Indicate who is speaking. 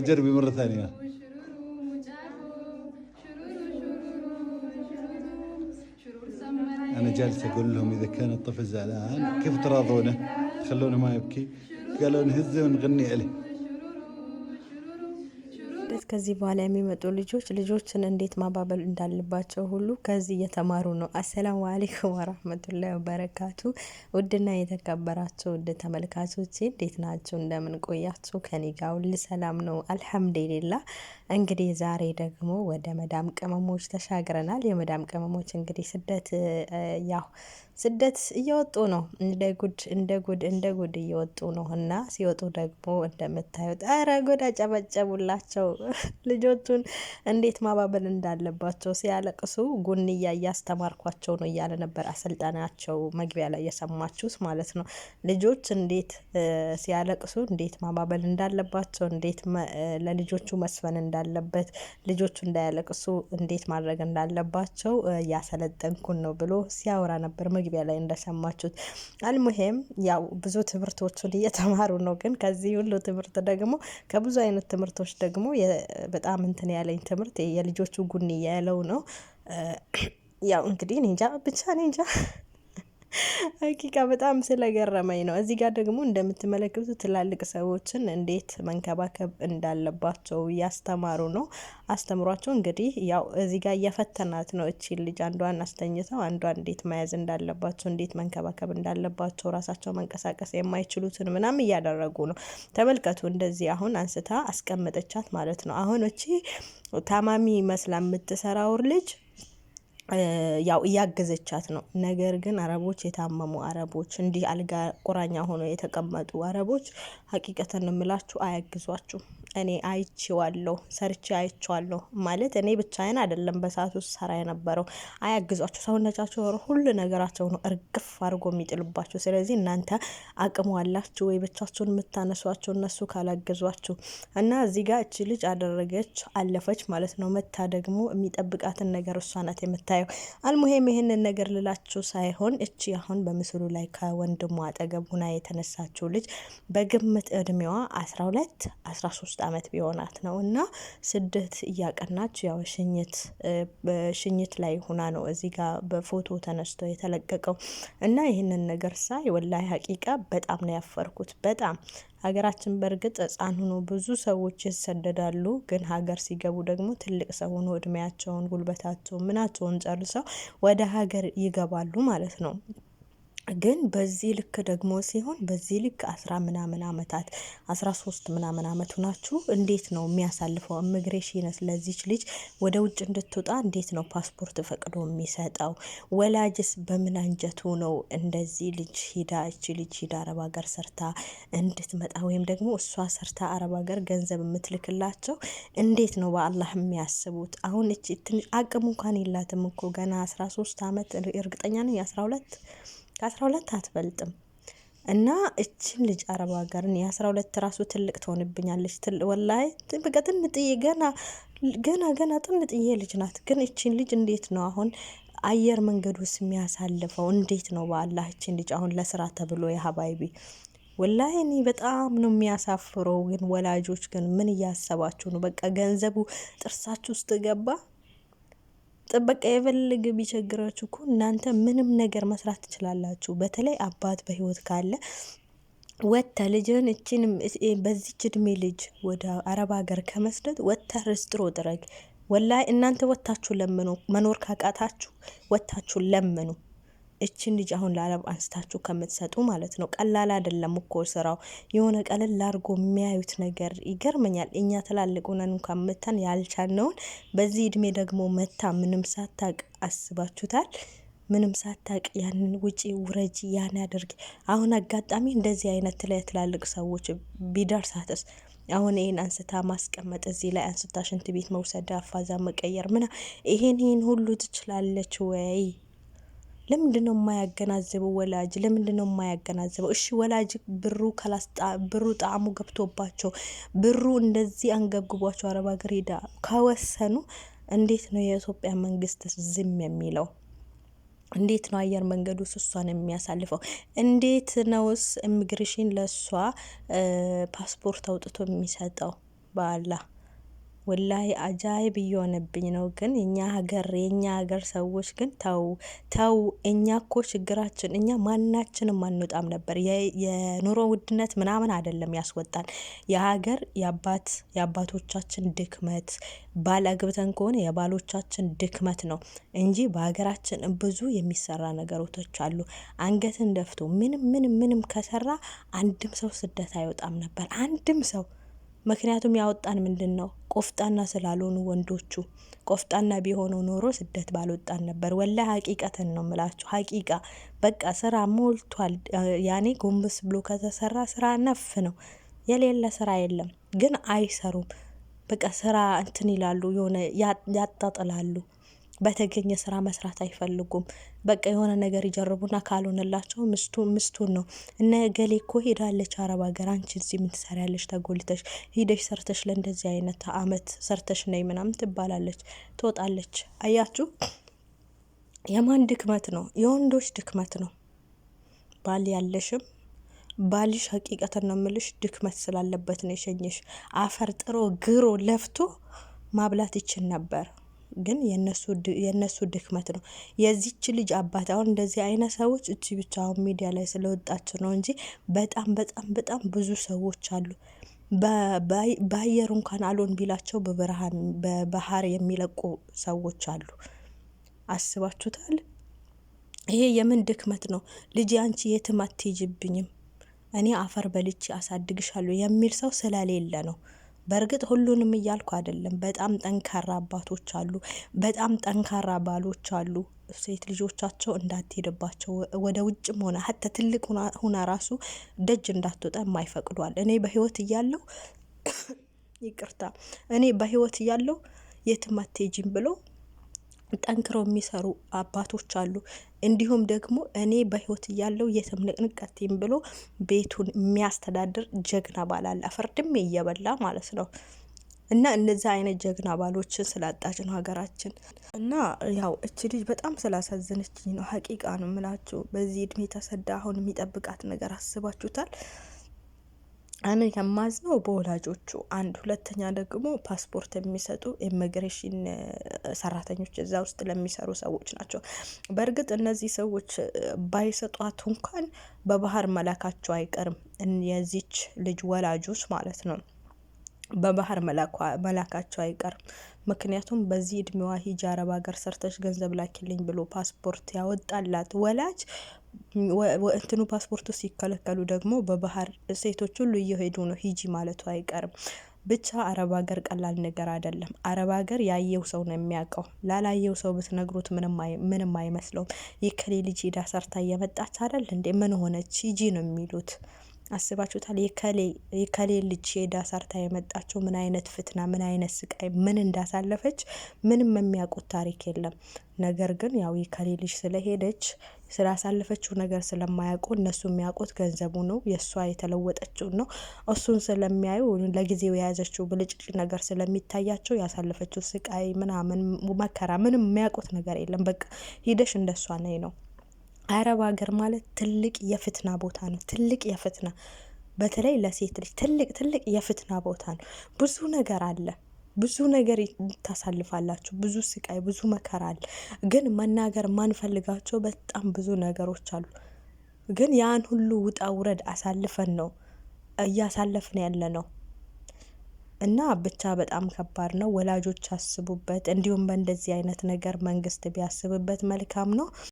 Speaker 1: جربي مرة ثانية أنا جالس أقول لهم إذا كان الطفل زعلان كيف تراضونه؟ تخلونه ما يبكي؟ قالوا نهزه ونغني عليه
Speaker 2: አለበት። ከዚህ በኋላ የሚመጡ ልጆች ልጆችን እንዴት ማባበል እንዳለባቸው ሁሉ ከዚህ እየተማሩ ነው። አሰላሙ አሌይኩም ወራህመቱላሂ ወበረካቱ። ውድና የተከበራቸው ውድ ተመልካቾች እንዴት ናቸው? እንደምን ቆያችሁ? ከኔ ጋር ሁሉ ሰላም ነው አልሐምዱሊላ። እንግዲህ ዛሬ ደግሞ ወደ መዳም ቅመሞች ተሻግረናል። የመዳም ቅመሞች እንግዲህ ስደት ያው ስደት እየወጡ ነው። እንደ ጉድ እንደ ጉድ እንደ ጉድ እየወጡ ነው እና ሲወጡ ደግሞ እንደምታዩት ኧረ ጉድ አጨበጨቡላቸው። ልጆቹን እንዴት ማባበል እንዳለባቸው ሲያለቅሱ ጉንያ እያስተማርኳቸው ነው እያለ ነበር አሰልጣናቸው መግቢያ ላይ የሰማችሁት ማለት ነው። ልጆች እንዴት ሲያለቅሱ እንዴት ማባበል እንዳለባቸው፣ እንዴት ለልጆቹ መስፈን እንዳለበት፣ ልጆቹ እንዳያለቅሱ እንዴት ማድረግ እንዳለባቸው እያሰለጠንኩን ነው ብሎ ሲያወራ ነበር መግቢያ ላይ እንደሰማችሁት። አልሙሄም ያው ብዙ ትምህርቶቹን እየተማሩ ነው። ግን ከዚህ ሁሉ ትምህርት ደግሞ ከብዙ አይነት ትምህርቶች ደግሞ በጣም እንትን ያለኝ ትምህርት የልጆቹ ጉንያ ያለው ነው። ያው እንግዲህ እኔ እንጃ ብቻ እኔ እንጃ ሀቂቃ በጣም ስለገረመኝ ነው። እዚህ ጋር ደግሞ እንደምትመለከቱት ትላልቅ ሰዎችን እንዴት መንከባከብ እንዳለባቸው እያስተማሩ ነው። አስተምሯቸው እንግዲህ ያው እዚህ ጋር እየፈተናት ነው እቺ ልጅ አንዷን አስተኝተው አንዷን እንዴት መያዝ እንዳለባቸው፣ እንዴት መንከባከብ እንዳለባቸው ራሳቸው መንቀሳቀስ የማይችሉትን ምናምን እያደረጉ ነው። ተመልከቱ። እንደዚህ አሁን አንስታ አስቀመጠቻት ማለት ነው። አሁን እቺ ታማሚ መስላ የምትሰራውር ልጅ ያው እያገዘቻት ነው። ነገር ግን አረቦች የታመሙ አረቦች እንዲህ አልጋ ቁራኛ ሆነው የተቀመጡ አረቦች ሀቂቀትን እምላችሁ አያግዟችሁ። እኔ አይቼዋለሁ፣ ሰርቼ አይቼዋለሁ ማለት እኔ ብቻዬን አይደለም። በሰዓት ውስጥ ሰራ የነበረው አያግዟችሁ፣ ሰውነታችሁ ሁሉ ነገራቸው ነው እርግፍ አድርጎ የሚጥልባቸው። ስለዚህ እናንተ አቅሙ አላችሁ ወይ ብቻችሁን የምታነሷቸው እነሱ ካላገዟችሁ እና እዚህ ጋር እቺ ልጅ አደረገች አለፈች ማለት ነው። መታ ደግሞ የሚጠብቃትን ነገር እሷ ናት የምታየው። አልሙሄም ይህንን ነገር ልላችሁ ሳይሆን እቺ አሁን በምስሉ ላይ ከወንድሟ አጠገብ ሁና የተነሳችው ልጅ በግምት እድሜዋ አስራ ሁለት አስራ ሶስት ዓመት ቢሆናት ነው እና ስደት እያቀናች ያው ሽኝት ሽኝት ላይ ሆና ነው እዚ ጋ በፎቶ ተነስቶ የተለቀቀው እና ይህንን ነገር ሳይ ወላሂ ሀቂቃ በጣም ነው ያፈርኩት በጣም ሀገራችን በእርግጥ ህጻን ሆኖ ብዙ ሰዎች ይሰደዳሉ። ግን ሀገር ሲገቡ ደግሞ ትልቅ ሰው ሆኖ እድሜያቸውን፣ ጉልበታቸውን፣ ምናቸውን ጨርሰው ወደ ሀገር ይገባሉ ማለት ነው። ግን በዚህ ልክ ደግሞ ሲሆን በዚህ ልክ አስራ ምናምን አመታት አስራ ሶስት ምናምን አመቱ ሁናችሁ እንዴት ነው የሚያሳልፈው? ኢሚግሬሽን ለዚች ልጅ ወደ ውጭ እንድትወጣ እንዴት ነው ፓስፖርት ፈቅዶ የሚሰጠው? ወላጅስ በምን አንጀቱ ነው እንደዚህ ልጅ ሂዳ እቺ ልጅ ሂዳ አረብ ሀገር ሰርታ እንድትመጣ ወይም ደግሞ እሷ ሰርታ አረብ ሀገር ገንዘብ የምትልክላቸው? እንዴት ነው በአላህ የሚያስቡት? አሁን ትንሽ አቅም እንኳን የላትም እኮ ገና አስራ ሶስት አመት እርግጠኛ ነኝ አስራ ሁለት ከአስራ ሁለት አትበልጥም። እና እችን ልጅ አረብ ሀገርን የአስራ ሁለት ራሱ ትልቅ ትሆንብኛለች። ወላሂ በቃ ጥንጥዬ ገና ገና ገና ጥንጥዬ ልጅ ናት። ግን እችን ልጅ እንዴት ነው አሁን አየር ውስጥ የሚያሳልፈው እንዴት ነው? በአላህ እችን ልጅ አሁን ለስራ ተብሎ የሀባይቢ ወላሂ እኔ በጣም ነው የሚያሳፍረው። ግን ወላጆች ግን ምን እያሰባችሁ ነው? በቃ ገንዘቡ ጥርሳችሁ ውስጥ ገባ። በቃ የፈለገ ቢቸግራችሁ እኮ እናንተ ምንም ነገር መስራት ትችላላችሁ። በተለይ አባት በህይወት ካለ ወታ ልጅን እችንም በዚች እድሜ ልጅ ወደ አረብ ሀገር ከመስደት ወታ ርስጥሮ ጥረግ። ወላይ እናንተ ወታችሁ ለምኑ። መኖር ካቃታችሁ ወታችሁ ለምኑ። እችን ልጅ አሁን ለአረብ አንስታችሁ ከምትሰጡ ማለት ነው ቀላል አይደለም እኮ ስራው። የሆነ ቀለል ላርጎ የሚያዩት ነገር ይገርመኛል። እኛ ትላልቅ ሆነን እንኳን መተን ያልቻልነውን በዚህ እድሜ ደግሞ መታ ምንም ሳታቅ አስባችሁታል። ምንም ሳታቅ ያንን ውጪ ውረጂ ያን ያደርግ። አሁን አጋጣሚ እንደዚህ አይነት ላይ ትላልቅ ሰዎች ቢደርሳትስ? አሁን ይህን አንስታ ማስቀመጥ እዚህ ላይ አንስታ ሽንት ቤት መውሰድ አፋዛ መቀየር ምና ይሄን ይህን ሁሉ ትችላለች ወይ? ለምንድነው የማያገናዘበው ወላጅ? ለምንድነው የማያገናዘበው እሺ ወላጅ ብሩ ብሩ ጣዕሙ ገብቶባቸው ብሩ እንደዚህ አንገብግቧቸው አረብ ሀገር ሄዳ ከወሰኑ እንዴት ነው የኢትዮጵያ መንግስት ዝም የሚለው? እንዴት ነው አየር መንገዱ እሷን የሚያሳልፈው? እንዴት ነውስ ኢሚግሬሽን ለእሷ ፓስፖርት አውጥቶ የሚሰጠው? በአላህ ወላሂ አጃይብ እየሆነብኝ ነው። ግን የኛ ሀገር የኛ ሀገር ሰዎች ግን ተው ተው፣ እኛ እኮ ችግራችን እኛ ማናችንም አንወጣም ነበር። የኑሮ ውድነት ምናምን አይደለም ያስወጣን፣ የሀገር የአባት የአባቶቻችን ድክመት፣ ባል አግብተን ከሆነ የባሎቻችን ድክመት ነው እንጂ በሀገራችን ብዙ የሚሰራ ነገሮቶች አሉ። አንገትን ደፍቶ ምንም ምንም ምንም ከሰራ አንድም ሰው ስደት አይወጣም ነበር አንድም ሰው ምክንያቱም ያወጣን ምንድን ነው? ቆፍጣና ስላልሆኑ ወንዶቹ ቆፍጣና ቢሆነው ኖሮ ስደት ባልወጣን ነበር። ወላ ሀቂቀትን ነው ምላችሁ። ሀቂቃ በቃ ስራ ሞልቷል። ያኔ ጎንበስ ብሎ ከተሰራ ስራ ነፍ ነው፣ የሌለ ስራ የለም። ግን አይሰሩም። በቃ ስራ እንትን ይላሉ፣ የሆነ ያጣጥላሉ። በተገኘ ስራ መስራት አይፈልጉም። በቃ የሆነ ነገር ይጀርቡና ካልሆነላቸው ምስቱ ምስቱን ነው እነ ገሌ እኮ ሄዳለች አረብ ሀገር፣ አንቺ እዚህ ምን ትሰሪያለሽ? ተጎልተሽ ሂደሽ ሰርተሽ ለእንደዚህ አይነት አመት ሰርተሽ ነይ ምናምን ትባላለች፣ ትወጣለች። አያችሁ፣ የማን ድክመት ነው? የወንዶች ድክመት ነው። ባል ያለሽም ባልሽ ሀቂቀትን ነው የምልሽ፣ ድክመት ስላለበት ነው የሸኘሽ። አፈር ጥሮ ግሮ ለፍቶ ማብላት ይችል ነበር። ግን የእነሱ ድክመት ነው። የዚች ልጅ አባት አሁን እንደዚህ አይነት ሰዎች እቺ ብቻ አሁን ሚዲያ ላይ ስለወጣች ነው እንጂ በጣም በጣም በጣም ብዙ ሰዎች አሉ። በአየር እንኳን አልሆን ቢላቸው በብርሃን በባህር የሚለቁ ሰዎች አሉ። አስባችሁታል? ይሄ የምን ድክመት ነው? ልጅ አንቺ የትም አትሄጂብኝም እኔ አፈር በልቼ አሳድግሻለሁ የሚል ሰው ስለሌለ ነው። በእርግጥ ሁሉንም እያልኩ አይደለም። በጣም ጠንካራ አባቶች አሉ፣ በጣም ጠንካራ ባሎች አሉ። ሴት ልጆቻቸው እንዳትሄድባቸው ወደ ውጭም ሆነ ሀተ ትልቅ ሁና ራሱ ደጅ እንዳትወጣ የማይፈቅዷል። እኔ በህይወት እያለው ይቅርታ፣ እኔ በህይወት እያለው የትም አትሄጂም ብሎ ጠንክረው የሚሰሩ አባቶች አሉ። እንዲሁም ደግሞ እኔ በህይወት እያለው የትም ንቅንቀቴም ብሎ ቤቱን የሚያስተዳድር ጀግና ባል አለ። እየበላ ማለት ነው። እና እነዚህ አይነት ጀግና ባሎችን ስላጣች ነው ሀገራችን። እና ያው እች ልጅ በጣም ስላሳዘነችኝ ነው ሀቂቃ ነው የምላችሁ። በዚህ እድሜ ተሰዳ አሁን የሚጠብቃት ነገር አስባችሁታል? እኔ የማዝነው በወላጆቹ አንድ ሁለተኛ ደግሞ ፓስፖርት የሚሰጡ ኢሚግሬሽን ሰራተኞች እዛ ውስጥ ለሚሰሩ ሰዎች ናቸው። በእርግጥ እነዚህ ሰዎች ባይሰጧት እንኳን በባህር መላካቸው አይቀርም የዚች ልጅ ወላጆች ማለት ነው በባህር መላካቸው አይቀርም። ምክንያቱም በዚህ እድሜዋ ሂጂ አረብ ሀገር ሰርተሽ ገንዘብ ላኪልኝ ብሎ ፓስፖርት ያወጣላት ወላጅ እንትኑ ፓስፖርቱ ሲከለከሉ ደግሞ በባህር ሴቶች ሁሉ እየሄዱ ነው ሂጂ ማለቱ አይቀርም። ብቻ አረብ ሀገር ቀላል ነገር አይደለም። አረብ ሀገር ያየው ሰው ነው የሚያውቀው። ላላየው ሰው ብትነግሩት ምንም አይመስለውም። የከሌ ልጅ ሄዳ ሰርታ እየመጣች አይደል እንዴ ምን ሆነች ሂጂ ነው የሚሉት። አስባችሁታል? የከሌ ልጅ ሄዳ ሰርታ የመጣችው ምን አይነት ፍትና፣ ምን አይነት ስቃይ፣ ምን እንዳሳለፈች ምንም የሚያውቁት ታሪክ የለም። ነገር ግን ያው የከሌ ልጅ ስለሄደች ስላሳለፈችው ነገር ስለማያውቁ እነሱ የሚያውቁት ገንዘቡ ነው፣ የእሷ የተለወጠችውን ነው። እሱን ስለሚያዩ ለጊዜው የያዘችው ብልጭጭ ነገር ስለሚታያቸው ያሳለፈችው ስቃይ ምናምን መከራ ምንም የሚያውቁት ነገር የለም። በቃ ሂደሽ እንደሷ ነኝ ነው አረብ ሀገር ማለት ትልቅ የፍትና ቦታ ነው። ትልቅ የፍትና በተለይ ለሴት ልጅ ትልቅ ትልቅ የፍትና ቦታ ነው። ብዙ ነገር አለ። ብዙ ነገር ታሳልፋላችሁ። ብዙ ስቃይ፣ ብዙ መከራ አለ። ግን መናገር ማንፈልጋቸው በጣም ብዙ ነገሮች አሉ። ግን ያን ሁሉ ውጣ ውረድ አሳልፈን ነው እያሳለፍን ያለ ነው እና ብቻ በጣም ከባድ ነው። ወላጆች አስቡበት። እንዲሁም በእንደዚህ አይነት ነገር መንግስት ቢያስብበት መልካም ነው።